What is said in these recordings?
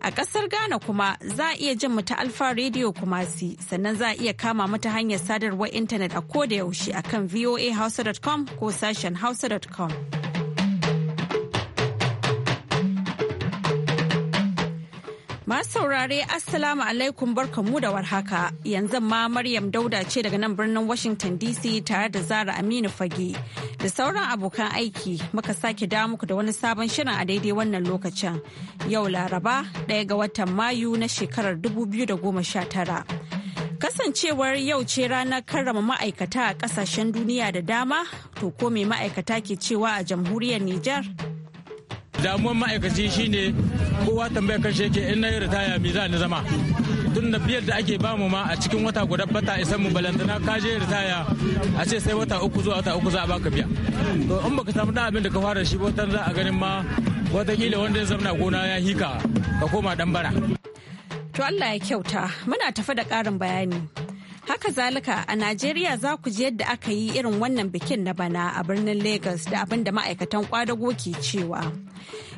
A ƙasar Ghana kuma za a iya jin mu ta Alfa Radio Kumasi sannan za a iya kama mata hanyar sadarwar intanet a koda yaushe akan voahausa.com ko sashen hausa.com. Masu saurare Assalamu alaikum barkanmu da warhaka yanzu ma Maryam Dauda ce daga nan birnin Washington DC tare da Zara Aminu Fage da sauran abokan aiki muka sake da muku da wani sabon shirin a daidai wannan lokacin yau Laraba ɗaya ga watan Mayu na shekarar 2019. Kasancewar yau ce ranar karrama ma'aikata a kasashen duniya da dama to ko me ma'aikata ke cewa a jamhuriyar Nijar? Damuwar ma'aikaci shine kowa tambaya kan yake in na yi ritaya me za ni zama tun da biyar da ake bamu ma a cikin wata guda bata isan mu balantana ka je ritaya a ce sai wata uku zuwa wata uku za a baka biya to in baka samu da abin da ka fara shi watan za a ganin ma watakila wanda ya zamna gona ya hika ka koma dan bara to Allah ya kyauta muna tafi da karin bayani Haka zalika a Najeriya za ku ji yadda aka yi irin wannan bikin na bana a birnin Lagos da abin da ma'aikatan kwadago ke cewa.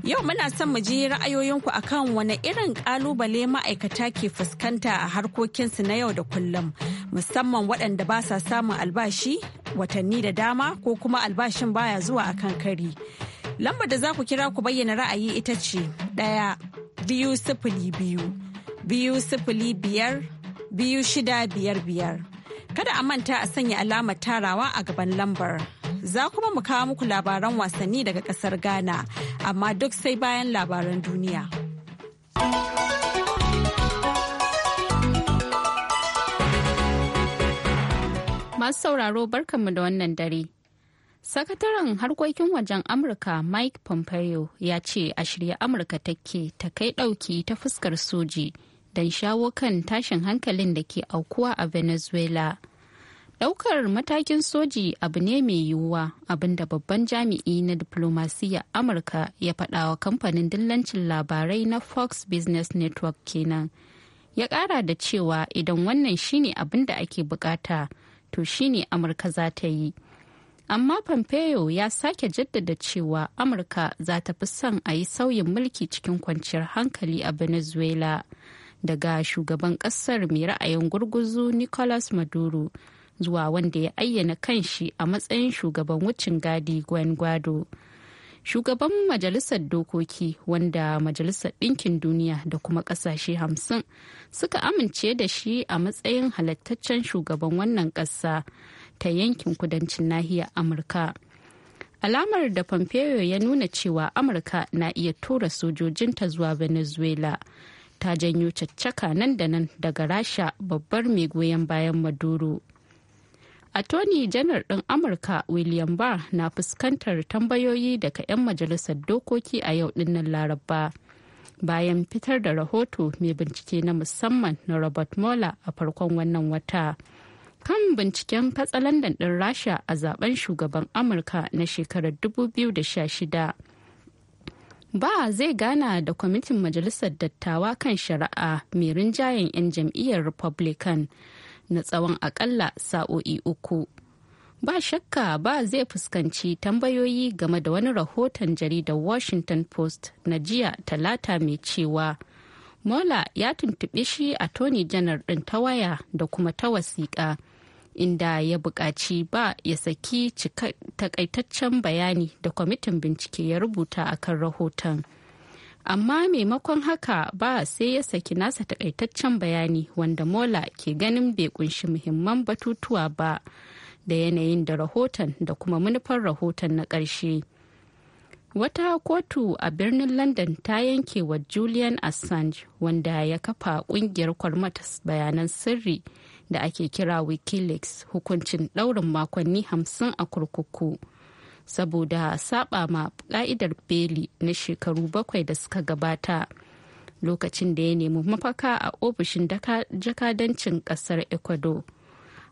Yau muna son mu ji ra'ayoyinku akan wani irin kalubale ma'aikata ke fuskanta a harkokinsu na yau da kullum musamman waɗanda ba sa samun albashi watanni da dama ko kuma albashin baya zuwa akan kari. Lambar da za ku kira ku bayyana ra'ayi ita ce ɗaya biyu sifili biyu biyu sifili biyar biyu shida biyar biyar. Kada a manta a sanya alamar tarawa a gaban lambar. Za kuma mu kawo muku labaran wasanni daga kasar Ghana, amma duk sai bayan labaran duniya. Masu sauraro barkanmu da wannan dare. Sakataren harkokin wajen Amurka Mike Pompeo ya ce a shirya Amurka take ta kai ɗauki ta fuskar soji. don shawo kan tashin hankalin da ke aukuwa a venezuela daukar matakin soji abu ne mai yiwuwa abinda babban jami'i na diplomasiya amurka ya faɗawa kamfanin dillancin labarai na fox business network kenan ya ƙara da cewa idan wannan shine abin da ake bukata to shine amurka za ta yi amma pompeo ya sake jaddada cewa amurka za ta fi son a yi sauyin mulki cikin kwanciyar hankali a venezuela daga shugaban kasar mai ra'ayin gurguzu nicolas maduro zuwa wanda ya ayyana kanshi a matsayin shugaban wucin gadi gwen guado shugaban majalisar dokoki wanda majalisar ɗinkin duniya da kuma ƙasashe hamsin suka amince da shi a matsayin halittaccen shugaban wannan ƙasa ta yankin kudancin nahiyar amurka alamar da pompeo ya nuna cewa amurka na iya tura sojojinta zuwa venezuela ta janyo caccaka nan da nan daga rasha babbar mai goyon bayan maduro tony janar ɗin amurka william barr na fuskantar tambayoyi daga 'yan majalisar dokoki a yau dinnan laraba bayan fitar da rahoto mai bincike na musamman na robert mueller a farkon wannan wata kan binciken katsalandan ɗin rasha a zaben shugaban amurka na shekarar 2016 ba zai gana da kwamitin majalisar dattawa kan shari'a mai rinjayen 'yan jam'iyyar republican na tsawon akalla sa'o'i uku ba shakka ba zai fuskanci tambayoyi game da wani rahoton jaridar washington post na jiya talata mai cewa mola ya tuntuɓi shi a tony janar ɗin ta waya da kuma ta wasiƙa inda ya buƙaci ba ya saki takaitaccen bayani da kwamitin bincike ya rubuta a kan rahoton amma maimakon haka ba sai ya saki nasa takaitaccen bayani wanda mola ke ganin bai kunshi muhimman batutuwa ba da yanayin da rahoton da kuma manufar rahoton na ƙarshe wata kotu a birnin london ta yanke wa julian assange wanda ya kafa kungiyar kwarmatas bayanan sirri da ake kira wikileaks hukuncin ɗaurin makonni hamsin a kurkuku saboda saba ma ka'idar beli na shekaru bakwai da suka gabata lokacin da ya nemi mafaka a ofishin jakadancin ƙasar ecuador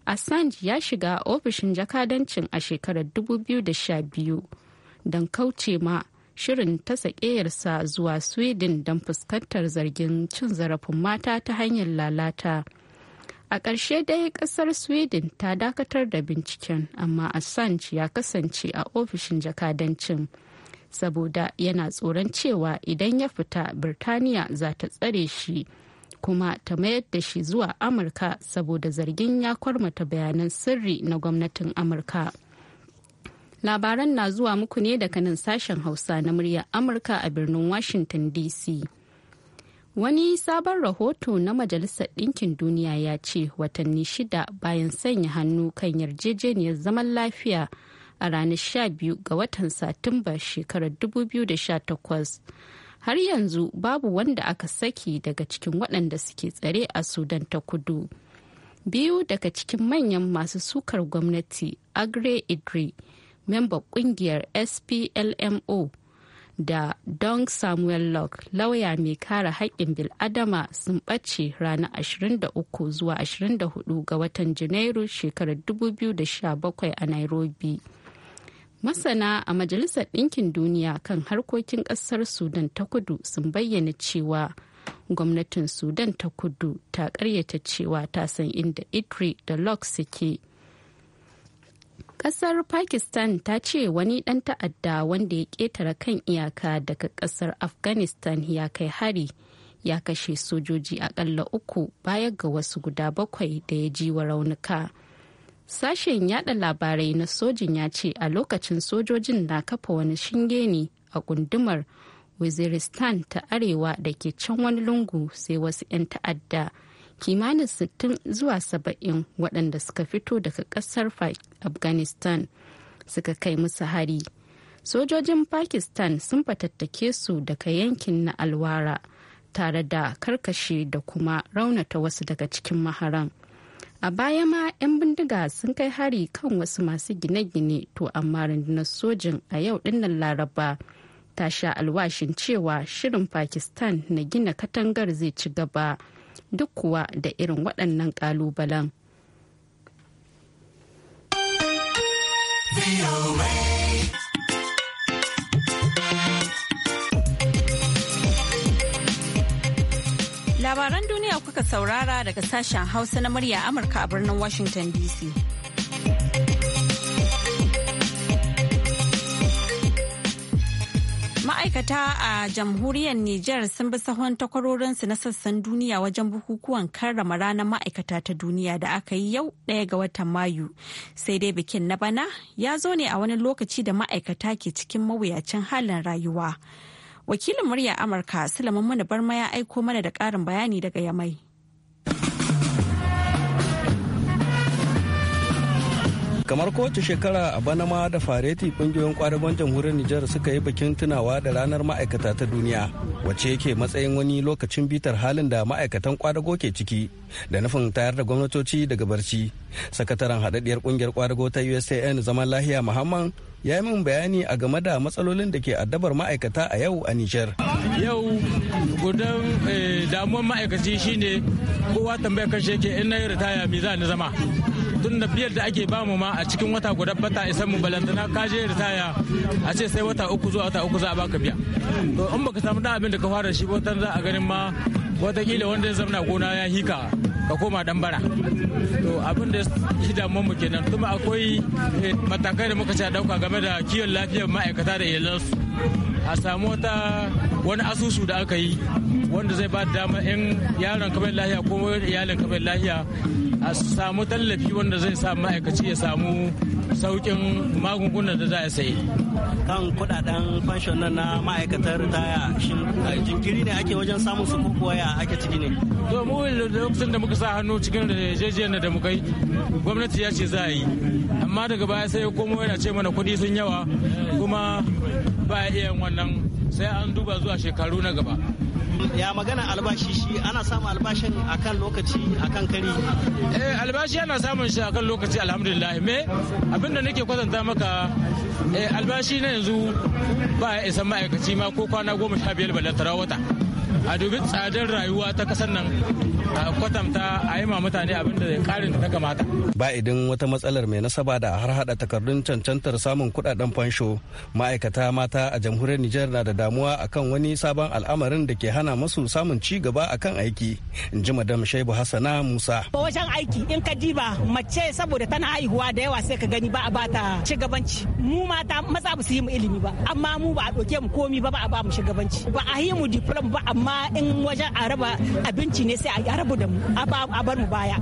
assange ya shiga ofishin jakadancin a shekarar 2012 don kauce ma shirin ta sakeyarsa zuwa sweden don fuskantar zargin cin zarafin mata ta hanyar lalata. A ƙarshe dai ƙasar Sweden ta dakatar da binciken, amma Assange ya kasance a ofishin jakadancin. Saboda yana tsoron cewa idan ya fita Birtaniya za ta tsare shi kuma ta mayar da shi zuwa Amurka saboda zargin ya kwarmata bayanan sirri na gwamnatin Amurka. Labaran na zuwa muku ne daga nan sashen Hausa na murya Amurka a birnin Washington DC. Wani sabon rahoto na Majalisar Ɗinkin Duniya ya ce watanni shida bayan sanya hannu kan yarjejeniyar zaman lafiya a ranar 12 ga watan Satumba shekarar 2018. Har yanzu babu wanda aka saki daga cikin waɗanda suke tsare a Sudan ta kudu. Biyu daga cikin manyan masu sukar gwamnati Agri Idri, memba ƙungiyar SPLMO. da don Samuel lock lauya mai kare haƙƙin bil'adama sun ɓace ranar 23 zuwa 24 ga watan Janairu shekarar 2017 a Nairobi. Masana a Majalisar Ɗinkin Duniya kan harkokin ƙasar Sudan ta kudu sun bayyana cewa gwamnatin Sudan ta kudu ta ƙaryata cewa ta san inda Idri da lock suke. Kasar Pakistan ta ce wani dan ta'adda wanda ya ketare kan iyaka daga kasar Afghanistan ya kai hari ya kashe sojoji akalla uku baya ga wasu guda bakwai da ya ji wa raunuka. Sashen yada labarai na sojin ya ce a lokacin sojojin na kafa wani shinge ne a gundumar Waziristan ta arewa da ke can wani lungu sai wasu 'yan ta'adda. kimanin sittin zuwa saba'in waɗanda suka fito daga ƙasar afghanistan suka kai musu hari sojojin pakistan sun fatattake su daga yankin na alwara tare da karkashe da kuma raunata wasu daga cikin maharan a baya ma 'yan bindiga sun kai hari kan wasu masu gine-gine to amma rundunar sojin a yau dinnan laraba ta sha alwashin cewa shirin pakistan na gina katangar zai ci gaba duk kuwa da irin waɗannan ƙalubalen. Labaran duniya kuka saurara daga sashen Hausa na murya Amurka a birnin Washington DC. Ma'aikata a jamhuriyar Nijar sun bi sahon takwarorinsu na sassan duniya wajen bukukuwan karrama ranar ma'aikata ta duniya da aka yi yau ɗaya ga watan Mayu. Sai dai bikin na bana ya zo ne a wani lokaci da ma'aikata ke cikin mawuyacin halin rayuwa. Wakilin murya Amurka Sulaiman Mani Barma ya aiko mana da ƙarin bayani daga Yamai. kamar kowace shekara a bana ma da fareti kungiyoyin kwadagon jamhuriyar nijar suka yi bikin tunawa da ranar ma'aikata ta duniya wacce yake matsayin wani lokacin bitar halin da ma'aikatan kwadago ke ciki da nufin tayar da gwamnatoci daga barci sakataren haɗaɗɗiyar kungiyar kwadago ta usan zaman lahiya muhammad ya yi min bayani a game da matsalolin da ke addabar ma'aikata a yau a Nijar. Yau gudan eh, damuwar ma'aikaci shine kowa tambayar kashe ke in na yi ritaya mi za ni zama. tun da biyar da ake bamu ma a cikin wata guda bata isan mu balantana ka je ritaya a ce sai wata uku zuwa wata uku za a baka biya to in baka samu da abin da ka fara shi ba za a ganin ma watakila wanda ya zamna gona ya hika ka koma dan bara to abin da shi damuwar mu kenan kuma akwai eh, matakai da muka ci dauka game da kiwon lafiyar ma'aikata da iyalansu a samu wata wani asusu da aka yi wanda zai ba dama yan yaron kamar lahiya ko iyalin kamar lahiya a samu tallafi wanda zai sa ma'aikaci ya samu saukin magungunan da za a sayi kan kudaden fashion na ma'aikatar ritaya shi jinkiri ne ake wajen samun su ko kuwa ya ake ciki ne to mu lokacin da muka sa hannu cikin da yarjejeniyar da muka yi gwamnati ya ce za a yi amma daga baya sai ya komo yana ce mana kuɗi sun yawa kuma ba a iya wannan sai an duba zuwa shekaru na gaba ya magana albashi shi ana samun albashin akan lokaci akan kari eh albashi ana samun shi akan lokaci alhamdulillah me abinda nake kwatanta maka eh albashi na yanzu ba ya isa ma'aikaci ma ko kwana goma sha biyar balantara wata a dubi tsadar rayuwa ta kasar nan a kwatanta a yi ma mutane abin da karin ta kamata. Ba idan wata matsalar mai nasaba da har hada takardun cancantar samun kudaden fansho ma'aikata mata a jamhuriyar Nijar na da damuwa akan wani sabon al'amarin da ke hana masu samun ci gaba akan aiki in ji madam Shaibu Hassana Musa. Ba wajen aiki in ka diba mace saboda tana haihuwa da yawa sai ka gani ba a bata gabanci. mu mata maza ba su yi mu ilimi ba amma mu ba a ɗauke mu komi ba ba a ba mu shigabanci ba a yi mu diploma ba amma in wajen a raba abinci ne sai a rabu da mu a bar mu baya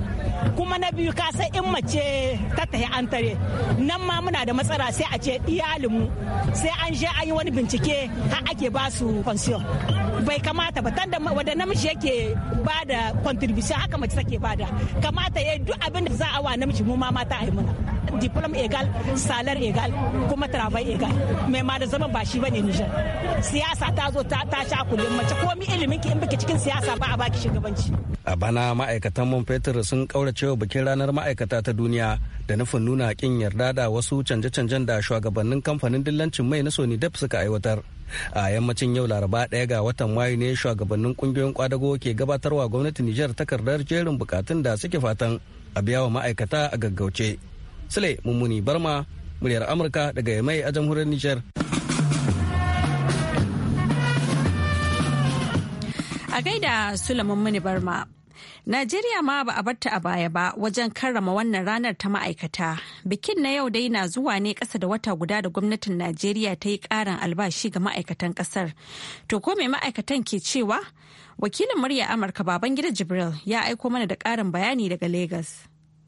kuma na biyu ka sai in mace ta tahi an tare nan ma muna da matsala sai a ce iyalinmu sai an je an yi wani bincike har ake ba su pension bai kamata ba tanda wanda namiji yake ba da contribution haka mace take bada kamata ya duk abin da za a wa namiji mu ma mata ai muna diploma egal salar egal kuma travel egal mai ma da zaman ba shi bane Niger siyasa ta zo ta ta sha kullum mace komi ilimin ki in baki cikin siyasa ba a baki shugabanci a bana ma'aikatan man fetur sun kauracewa bikin ranar ma'aikata ta duniya da nufin nuna kin yarda da wasu canje-canjen da shugabannin kamfanin dillancin mai na Sony Dep suka aiwatar a yammacin yau laraba ɗaya ga watan mayu ne shugabannin kungiyoyin kwadago ke gabatarwa gwamnatin nijar takardar jerin bukatun da suke fatan a biya wa ma'aikata a gaggauce sule mummuni barma muryar amurka daga yamai a jamhuriyar nijar a gaida sule mummuni barma Najeriya ma ba a barta a baya ba wajen karrama wannan ranar ta ma'aikata. Bikin na yau dai na zuwa ne ƙasa da wata guda da gwamnatin Najeriya ta yi ƙarin albashi ga ma'aikatan ƙasar. To ko mai ma'aikatan ke cewa? Wakilin murya Amurka Babangida Jibril ya aiko mana da ƙarin bayani daga Legas.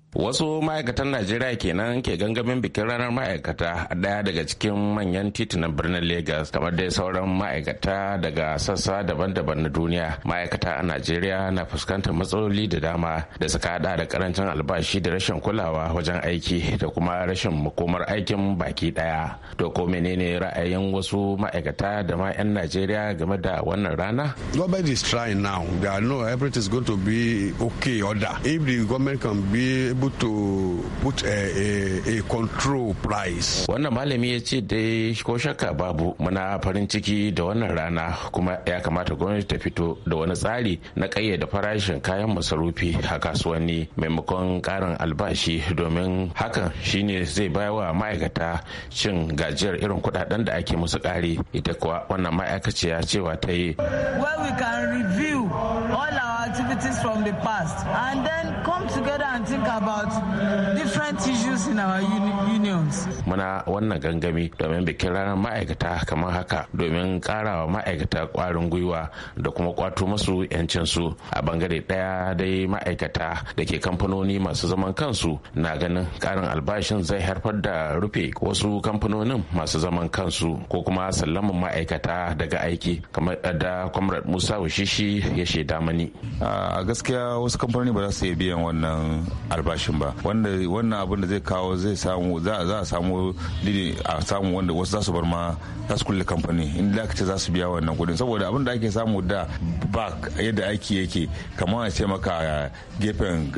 wasu ma'aikatan najeriya kenan ke gangamin bikin ranar ma'aikata a daya daga cikin manyan titunan birnin lagos kamar dai sauran ma'aikata daga sassa daban-daban na duniya ma'aikata a najeriya na fuskantar matsaloli da dama da suka hada da karancin albashi da rashin kulawa wajen aiki da kuma rashin makomar aikin baki daya to ko menene ra'ayin wasu ma'aikata da ma 'yan najeriya game da wannan rana government is trying now they know everything is going to be okay order if the government can be able to put a, a, a control price. Wannan malami ya ce dai ko shakka babu muna farin ciki da wannan rana kuma ya kamata gwamnati ta fito da wani tsari na kayyada farashin kayan masarufi a kasuwanni maimakon karin albashi domin hakan shine zai baya wa ma'aikata cin gajiyar irin kudaden da ake musu kare ita kuwa wannan ma'aikaciya cewa ta yi. Where we can review all our activities from the past and then come together and think about about different issues in our unions. Muna wannan gangami domin bikin ranar ma'aikata kamar haka domin karawa ma'aikata kwarin gwiwa da kuma kwato masu 'yancinsu a bangare daya dai ma'aikata da ke kamfanoni masu zaman kansu na ganin karin albashin zai haifar da rufe wasu kamfanonin masu zaman kansu ko kuma sallaman ma'aikata daga aiki kamar da comrade musa wushishi ya shaida mani a gaskiya wasu kamfanoni ba za su iya biyan wannan albashi bashin ba wanda wannan abin da zai kawo zai samu za a samu a samu wanda wasu za su bar ma za su kulle kamfani inda aka ce za su biya wannan kudin saboda abin da ake samu da ba yadda aiki yake kamar a ce maka gefen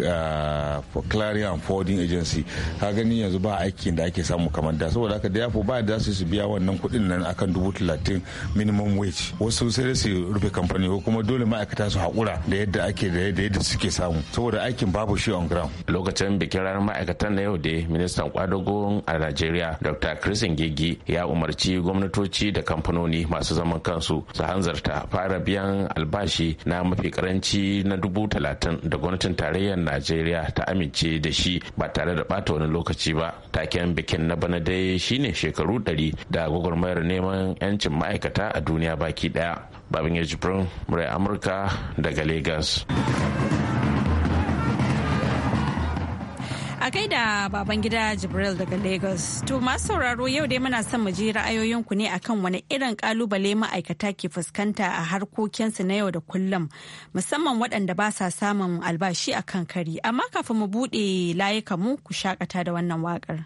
clarion forwarding agency ka gani yanzu ba aiki da ake samu kamar da saboda haka da ba da su su biya wannan kudin nan akan dubu talatin minimum wage wasu sai da su rufe kamfani ko kuma dole ma'aikata su haƙura da yadda ake da yadda suke samu saboda aikin babu shi on ground lokacin bikin ranar ma'aikatan na yau da ministan kwadago a najeriya dr chris Ngigi ya umarci gwamnatoci da kamfanoni masu zaman kansu su hanzarta fara biyan albashi na mafi karanci na dubu talatin da gwamnatin tarayyar najeriya ta amince da shi ba tare da bata wani lokaci ba taken bikin na bana dai shine shekaru ɗari da gwagwarmayar neman 'yancin ma'aikata a duniya baki daya babin ya murai amurka daga lagos A gaida baban gida Jibril daga Lagos. To masu sauraro yau dai muna son mu ji ra'ayoyinku ne akan wani irin kalubale ma'aikata ke fuskanta a harkokinsu na yau da kullum musamman waɗanda ba sa samun albashi a kan kari. Amma kafin mu buɗe layuka mu ku shakata da wannan waƙar.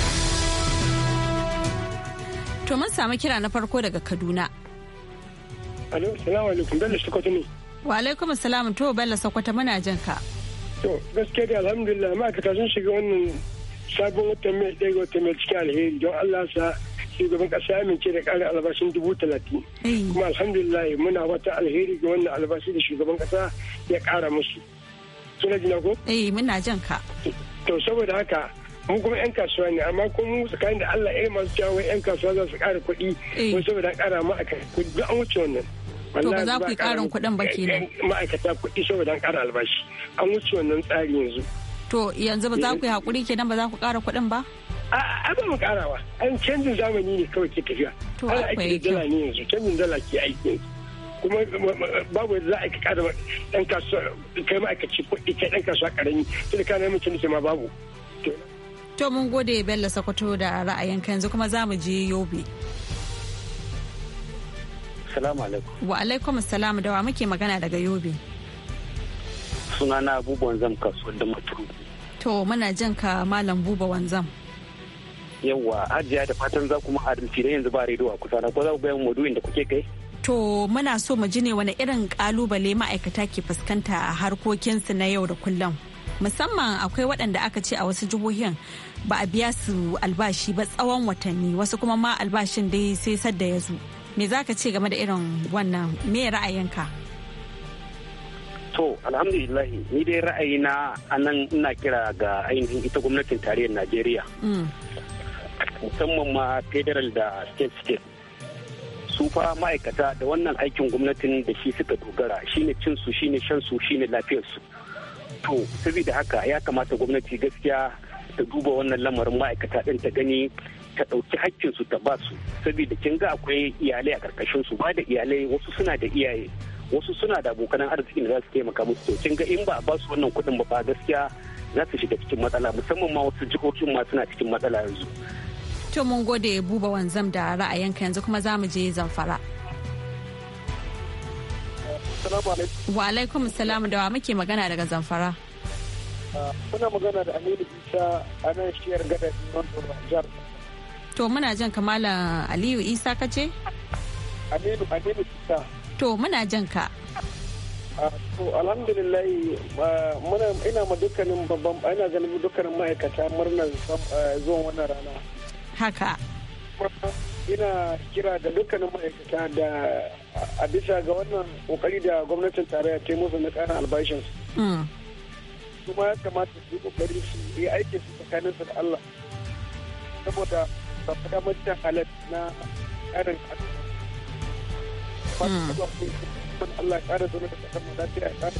To mun samu kira na farko daga Kaduna. Alo, salamu alaikum, Bello Sokoto ne. Wa alaikum salam to Bello Sokoto muna jin ka. To gaskiya da alhamdulillah ma'aikata sun shiga wannan sabon watan mai ɗaya wata mai cikin alheri don Allah sa shugaban kasa ya mince da ƙarin albashin dubu talatin kuma alhamdulillah muna wata alheri ga wannan albashi da shugaban kasa ya kara musu suna jina ko? eh muna jan ka to saboda haka mu kuma yan kasuwa ne amma ko mu tsakanin da Allah irin masu cewa yan kasuwa za su ƙara kuɗi ko eh. saboda ƙara ma a kai duk an wuce wannan to ba za ku yi ƙarin kuɗin ba kenan ma'aikata kuɗi saboda ƙara albashi an wuce wannan tsari yanzu to yanzu ba za ku yi eh. haƙuri kenan ba za ku ƙara kuɗin ba a ba mu ƙarawa an canjin zamani ne kawai ke tafiya to akwai dala ne yanzu canjin dala ke aiki kuma babu yadda za a kada ɗan kasuwa kai ma'aikaci kuɗi kai ɗan kasuwa ƙarami tun da kana mutum ma babu To mun gode Bello Sokoto da ra'ayin yanzu kuma za mu je Yobe. Salamu alaikum. Wa alaikum salam da wa muke magana daga Yobe. Sunana abubuwan zam kasu da maturu. To muna jin ka Malam Buba Wanzam. Yawwa ajiya da fatan za kuma adalci da yanzu ba rediyo a kusa na ko za ku bayan maduyin da kuke kai? To muna so mu ji ne wani irin kalubale ma'aikata ke fuskanta a harkokinsu na yau da kullum. musamman akwai waɗanda aka ce a wasu jihohin ba a biya su albashi ba tsawon watanni wasu kuma ma albashin dai sai sadda ya zo me za ka ce game da irin wannan me ra'ayinka to alhamdulillahi ni dai ra'ayina a nan ina kira ga ainihin ita gwamnatin tarayyar najeriya mm. musamman ma federal da state state su fa ma'aikata da wannan aikin gwamnatin da shi suka dogara shine cinsu shine shansu shine lafiyarsu to saboda haka ya kamata gwamnati gaskiya ta duba wannan lamarin ma'aikata ɗin ta gani ta ɗauki su ta ba su saboda kin ga akwai iyalai a ƙarƙashin su ba da iyalai wasu suna da iyaye wasu suna da abokan arziki da za su taimaka musu to kin ga in ba a ba su wannan kuɗin ba ba gaskiya za su shiga cikin matsala musamman ma wasu jihohin ma suna cikin matsala yanzu. To mun gode buba wanzam da ra'ayinka yanzu kuma za mu je zamfara. Wa alaikum salamu da wa muke magana daga Zamfara. Ah, muna magana da Aminu Isa a nan shiyar gadar jihar. To muna jan kamala Aliyu Isa ka ce? Aminu Aminu Isa. To muna jan ka. Ah, to alhamdulillah ah, muna ina ma dukkanin babban ina ganin dukkanin ma'aikata murnar zuwan wannan rana. Haka. ina kira ga dukkanin ma'aikata da a bisa ga wannan kokari da gwamnatin tarayya ta musu na karin albashinsu. Hmm. kuma ya kamata su yi kokari su yi aiki su tsakanin su da Allah saboda ba faɗa mutan halat na ƙarin hmm. Allah ya ƙara zuwa da kasar mu lafiya ya ƙara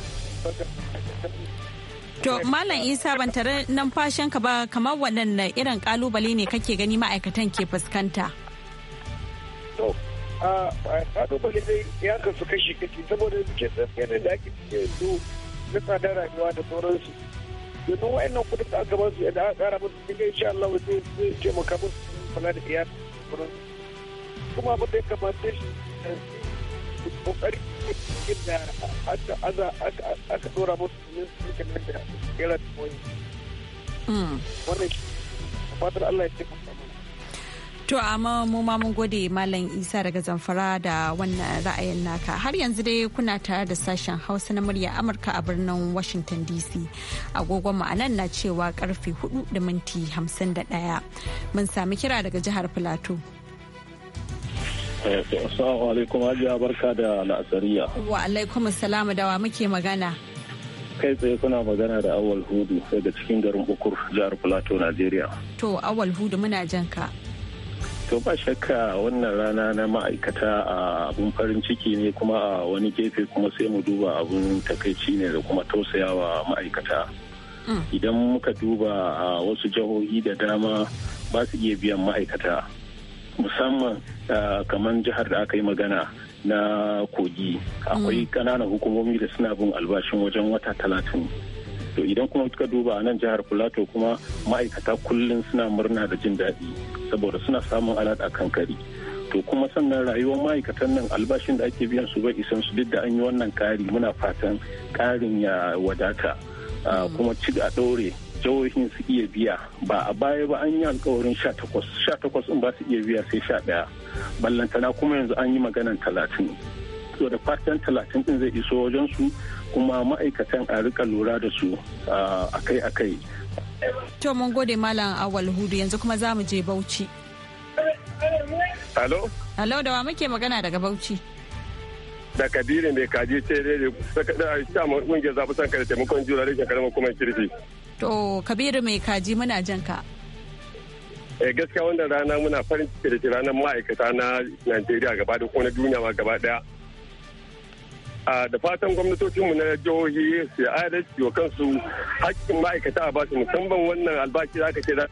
To Malam Isa ban tare numfashinka ba kamar wannan irin kalubale ne kake gani ma'aikatan ke fuskanta? a kalubale dai ya kasu kashi kashi saboda ke yanayin da ake cike yanzu na tsadar rayuwa da sauransu domin wa'annan kudin da aka basu idan aka kara musu cikin insha Allah zai zai taimaka musu kula da iyali kuma abin da ya kamata shi kokari da aka aza aka dora musu domin su kamar da kera da moyi mm. wannan fatar Allah ya taimaka To amma mu ma mun gode Malam Isa daga Zamfara da wannan ra'ayin naka. Har yanzu dai kuna tare da sashen Hausa na murya Amurka a birnin Washington DC. Agogon mu anan na cewa karfe 4 da minti 51. Mun sami kira daga jihar Filato. Eh, assalamu alaikum Hajiya barka da la'asariya. Wa alaikum salamu dawa muke magana. kai tsaye kuna magana da awal hudu daga cikin garin ukur jihar Filato Najeriya. To awal hudu muna jan ka. to ba shakka wannan rana na ma'aikata a abun farin ciki ne kuma a wani gefe kuma sai mu duba abun takaici ne da kuma tausayawa ma'aikata hmm. idan muka duba a wasu jihohi da dama ba su iya biyan ma'aikata musamman kamar jihar da aka yi magana na kogi hmm. akwai ƙananan hukumomi da suna bin albashin wajen wata talatin to idan kuma suka duba a nan jihar plateau kuma ma'aikata kullum suna murna da jin daɗi saboda suna samun alaɗa kan kari to kuma sannan rayuwar ma'aikatan nan albashin da ake biyan su bai isan su duk da an yi wannan kari muna fatan ƙarin ya wadata kuma ci a ɗore jihohin su iya biya ba a baya ba an yi alkawarin 18 18 in ba su iya biya sai 11 ballantana kuma yanzu an yi maganan talatin. so da fatan talatin din zai iso wajen su kuma ma'aikatan a rika lura da su a kai a kai. To mun gode Malam Awal Hudu yanzu kuma za mu je Bauchi. Alo? Alo da wa muke magana daga Bauchi. Da Kabiru mai kaji ce dai da sha mun kungiyar zaɓi san kare taimakon jura da shekarar kuma kirfi. To Kabiru mai kaji muna jan ka. Eh, gaskiya wannan rana muna farin ciki da ranar ma'aikata na Najeriya gaba da kuma na duniya ma gaba daya. da fatan gwamnatocin mu na jihohi su adalci wa kansu hakkin ma'aikata a basu musamman wannan albashi da aka ce da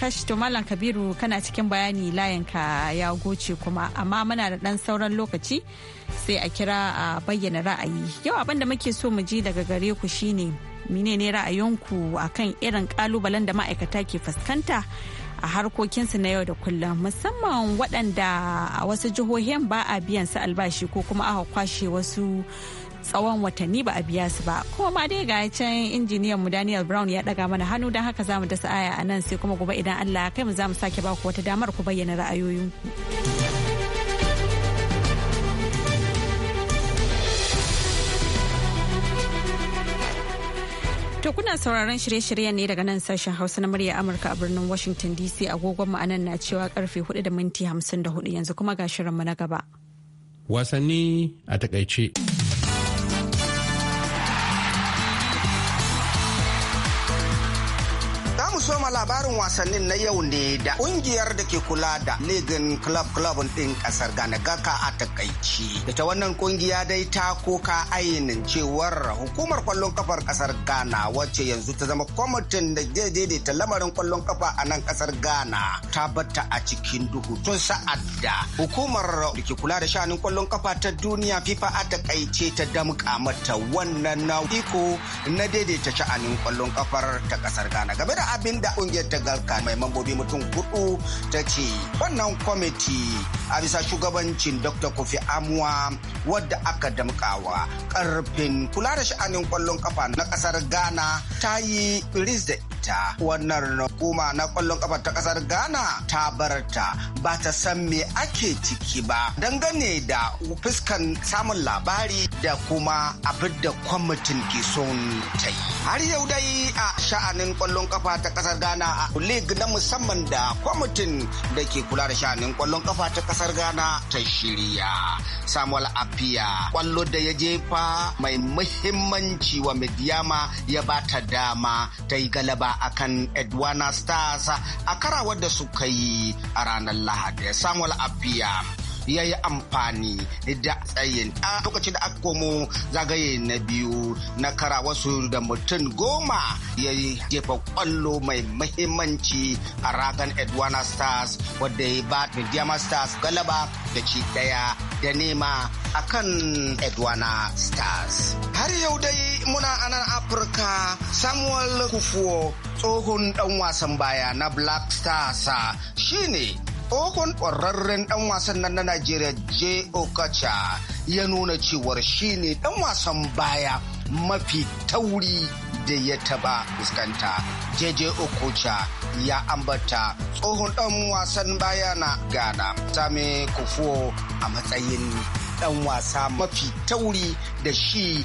kash to malam kabiru kana cikin bayani ka ya goce kuma amma muna da dan sauran lokaci sai a kira a bayyana ra'ayi yau abin da muke so mu ji daga gare ku shine menene ra'ayinku akan irin kalubalen da ma'aikata ke fuskanta a harkokinsu na yau da kullum musamman waɗanda a wasu jihohin ba a biyan su albashi ko kuma aka kwashe wasu tsawon watanni ba a biya su ba kuma ma dai ga can injiniyan mu Daniel Brown ya daga mana hannu don haka zamu dasa aya a nan sai kuma gobe idan Allah kai mu zamu sake baku wata damar ku bayyana ra'ayoyinku. To kuna sauraron shirye-shiryen ne daga nan sashen Hausa na murya Amurka a birnin Washington DC agogon mu anan na cewa karfe 4 da minti 54 yanzu kuma ga shirinmu na gaba. Wasanni a takaice. soma labarin wasannin na yau ne da kungiyar da ke kula da ligin club club din kasar Ghana Gaka a takaici. Ita wannan kungiya dai ta koka ainihin cewar hukumar kwallon kafar kasar Ghana wacce yanzu ta zama kwamitin da zai daidaita lamarin kwallon kafa a nan kasar Ghana ta bata a cikin duhu tun sa'ad da hukumar da ke kula da sha'anin kwallon kafa ta duniya FIFA a takaice ta damƙa mata wannan na iko na daidaita sha'anin kwallon kafar ta kasar Ghana. Game da abin da ƙungiyar ta galka mai mambobi mutum hudu ta ce wannan kwamiti a bisa shugabancin dr kofi amuwa wadda aka damkawa karfin kula da sha'anin kwallon kafa na kasar ghana ta yi riz da ita wannan hukuma na kwallon kafa ta kasar ghana ta barta ba ta san me ake ciki ba dangane da fuskan samun labari da kuma abin da kwamitin ke son ta yi har yau dai a sha'anin kwallon kafa ta kasar ghana a league na musamman da kwamitin da ke kula da sha'anin kwallon kafa ta kasar ghana ta shirya samuel apia kwallo da ya jefa mai muhimmanci wa midiyama ya ba ta dama ta yi galaba akan edwana stars a karawar da suka yi a ranar lahadi samuel apia ya yi amfani da tsayin a lokacin da aka komo zagaye na biyu na kara wasu da mutum goma ya jefa kwallo mai mahimmanci a ragan edwana stars wadda ya ba mediama stars galaba da ci daya da nema a kan edwana stars har yau dai muna anan afirka samuel kufuo tsohon dan wasan baya na black stars shine tsohon ƙwararren ɗan wasan nan na Najeriya J. Okacha ya nuna cewar shi ne ɗan wasan baya mafi tauri da ya taba fuskanta. JJ Okocha ya ambata tsohon ɗan wasan baya na Ghana, Same Kufuo a matsayin ɗan wasa mafi tauri da shi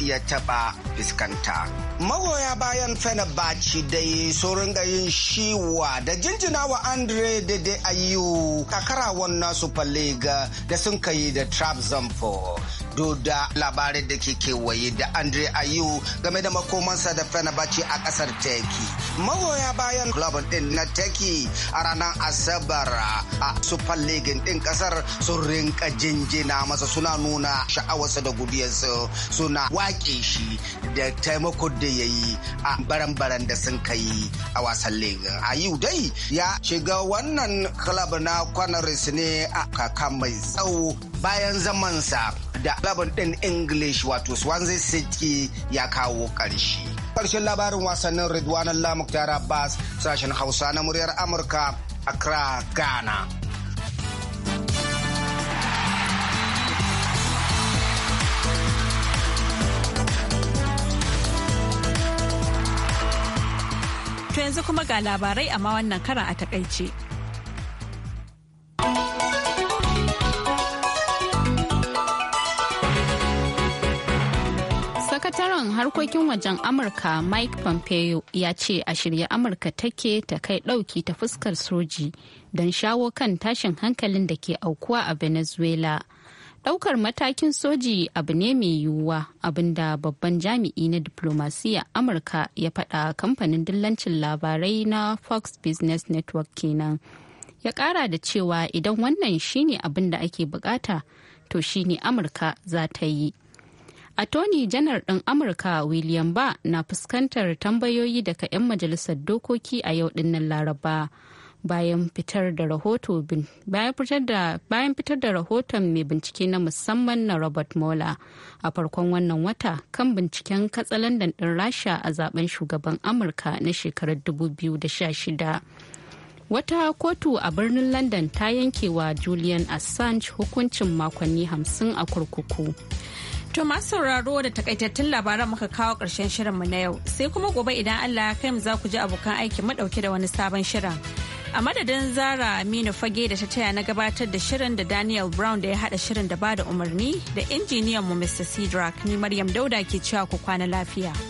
iya taɓa fiskanta Magoya bayan Fenerbahce dai sun ringa yin shiwa da jinjina wa Andre Dede Ayu a wannan nasu league da sun kai da Trabzonspor. Duk da labarin da ke kewaye da Andre Ayu game da makomansa da Fenerbahce a ƙasar Turkey. Magoya bayan club ɗin na Turkey a ranar Asabar a Super League ɗin ƙasar sun rinka jinjina masa suna nuna sha'awarsa da gudiyarsa suna yaƙe shi da taimakon da ya yi a baran-baran da sun kai a wasan legan a yau dai ya shiga wannan club na kwanaris ne a kaka mai tsawo bayan zamansa da club din english wato swansea city ya kawo ƙarshe ƙarshen labarin wasannin ridwan lamuk tara bas sashen hausa na muryar amurka a accra ghana yanzu kuma ga labarai amma wannan kara a takaice. sakataren harkokin wajen amurka mike pompeo ya ce a shirya amurka take ta kai ɗauki ta fuskar soji don shawo kan tashin hankalin da ke aukuwa a venezuela Daukar matakin soji abu ne mai yiwuwa abinda babban jami'i na diplomasiya Amurka ya faɗa kamfanin dillancin labarai na Fox Business Network kenan. Ya ƙara da cewa idan wannan shine abin da ake bukata to shine Amurka za ta yi. Attorney janar ɗin Amurka William Ba na fuskantar tambayoyi daga 'yan majalisar dokoki a yau ɗinnan Laraba. bayan fitar da rahoto bayan fitar da rahoton mai bincike na musamman na Robert Mueller a farkon wannan wata kan binciken katsalandan din Rasha a zaben shugaban Amurka na shekarar 2016. Wata kotu a birnin London ta yanke wa Julian Assange hukuncin makonni hamsin a kurkuku. To masu sauraro da takaitattun labaran muka kawo ƙarshen shirinmu na yau sai kuma gobe idan Allah ya kai mu za ku ji abokan aiki mu da wani sabon shirin. A madadin Zara Aminu Fage da ta taya na gabatar da shirin da Daniel Brown da ya hada shirin da ba da umarni da injiniyan mu Mr. Cedric ni Maryam Dauda ke cewa ku kwana lafiya.